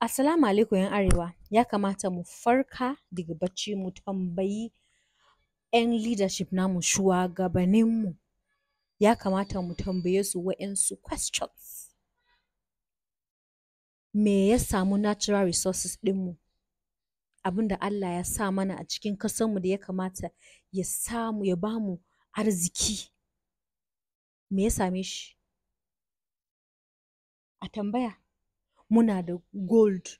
Assalamu alaikum ‘yan arewa, ya kamata mu farka daga bacci mu tambayi ‘yan leadership namu mu ya kamata mu tambaye su waɗansu questions. Me ya samu natural resources ɗinmu? Abin da Allah ya sa mana a cikin ƙasarmu da ya kamata ya samu ya bamu arziki, me ya same shi? A tambaya. muna da gold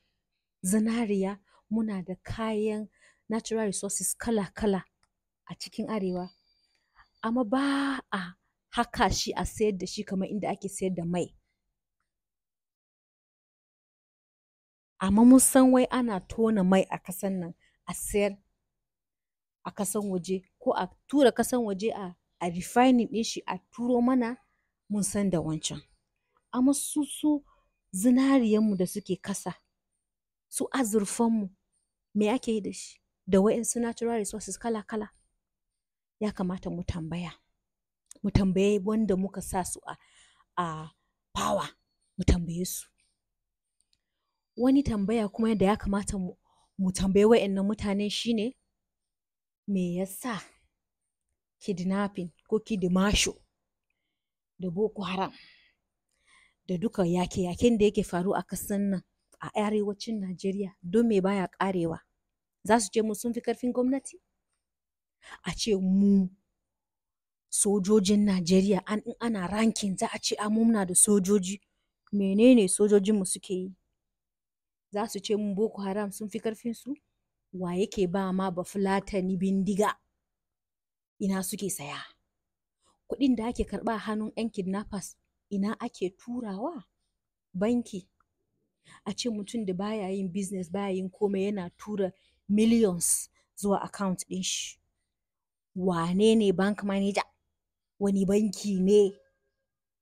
zinariya muna da kayan natural resources kala-kala a cikin arewa amma ba a haka shi a sayar da shi kamar inda ake sayar da mai amma mun san wai ana tona mai a kasan nan a sayar a kasan waje ko a tura kasan waje a a refining ɗin shi a turo mana mun san da wancan amma su su zinariyanmu da suke kasa su azurfanmu me ake yi da shi da wa'insu natural resources kala-kala ya kamata mu tambaya mu tambaye wanda muka sa su a, pawa, power mu tambaye su wani tambaya kuma yadda ya kamata mu, tambayi tambaye mutane shi shine me ya yasa kidnapping ko kidimasho da boko haram da duka yake-yaken da yake faru a kasan nan a arewacin Najeriya don me baya karewa za su ce mu sun fi karfin gwamnati a ce mu sojojin Najeriya an in ana rankin za a ce a muna da sojoji menene sojojinmu suke yi za su ce mu Boko Haram sun fi karfin su wa yake ba ma ba Fulatani bindiga ina suke saya kuɗin da ake karɓa hannun 'yan kidnappers ina ake turawa banki a ce mutum da baya yin business baya yin komai yana tura millions zuwa account ɗin shi wane ne bank manager wani banki ne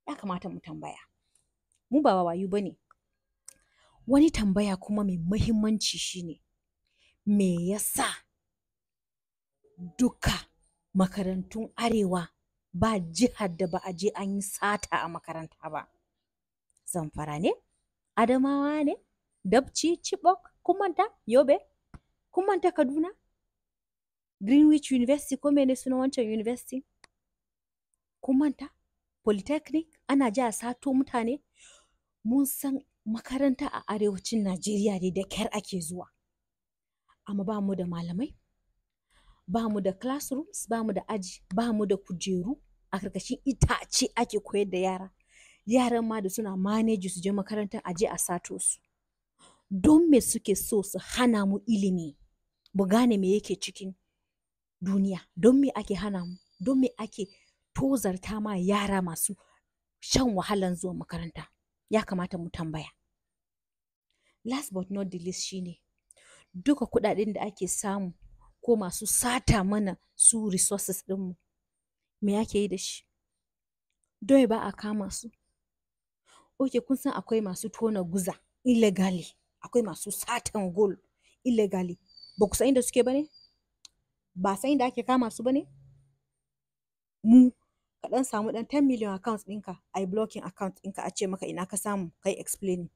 ya kamata mu tambaya mu ba wayu ba ne wani tambaya kuma mai mahimmanci shine me yasa duka makarantun arewa ba jihar da ba a je an yi sata a makaranta ba. Zamfara ne, Adamawa ne, Dabci, Chibok, Kumanta, Yobe, Kumanta Kaduna, Greenwich University ko mene suna wancan university? Kumanta, Polytechnic, ana ji a sato mutane. Mun san makaranta a arewacin Najeriya ne da kyar ake zuwa. Amma ba mu da malamai, ba mu da classrooms, ba mu da aji, ba mu da kujeru, a karkashin itace ake koyar da yara yaran ma da suna maneji su je makarantar aje a sato su don me suke so su hana mu ilimi mu gane me yake cikin duniya don me ake hana mu don me ake tozarta ma yara masu shan wahalan zuwa makaranta ya kamata mu tambaya last but not the least shine duka kudaden da ake samu ko masu sata mana su resources dinmu me ake yi da shi Dole ba a kama su ok kun san akwai masu tona guza illegally akwai masu satan gol illegally ba ku san inda suke ba ne ba san inda ake kama su ba ne mu ka dan samu dan 10 million account ɗinka a yi blocking account ɗinka a ce maka ina ka samu kai explaining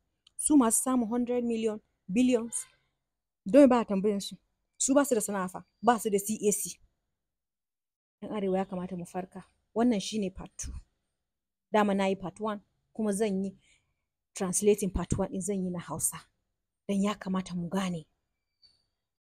su masu samu 100 million billions don ba a tambayan su su ba su da sana'a fa ba su da cac 'yan arewa ya kamata mu farka wannan shine part 2 dama na yi part 1 kuma zan yi translating part 1 din zan yi na hausa don ya kamata mu gane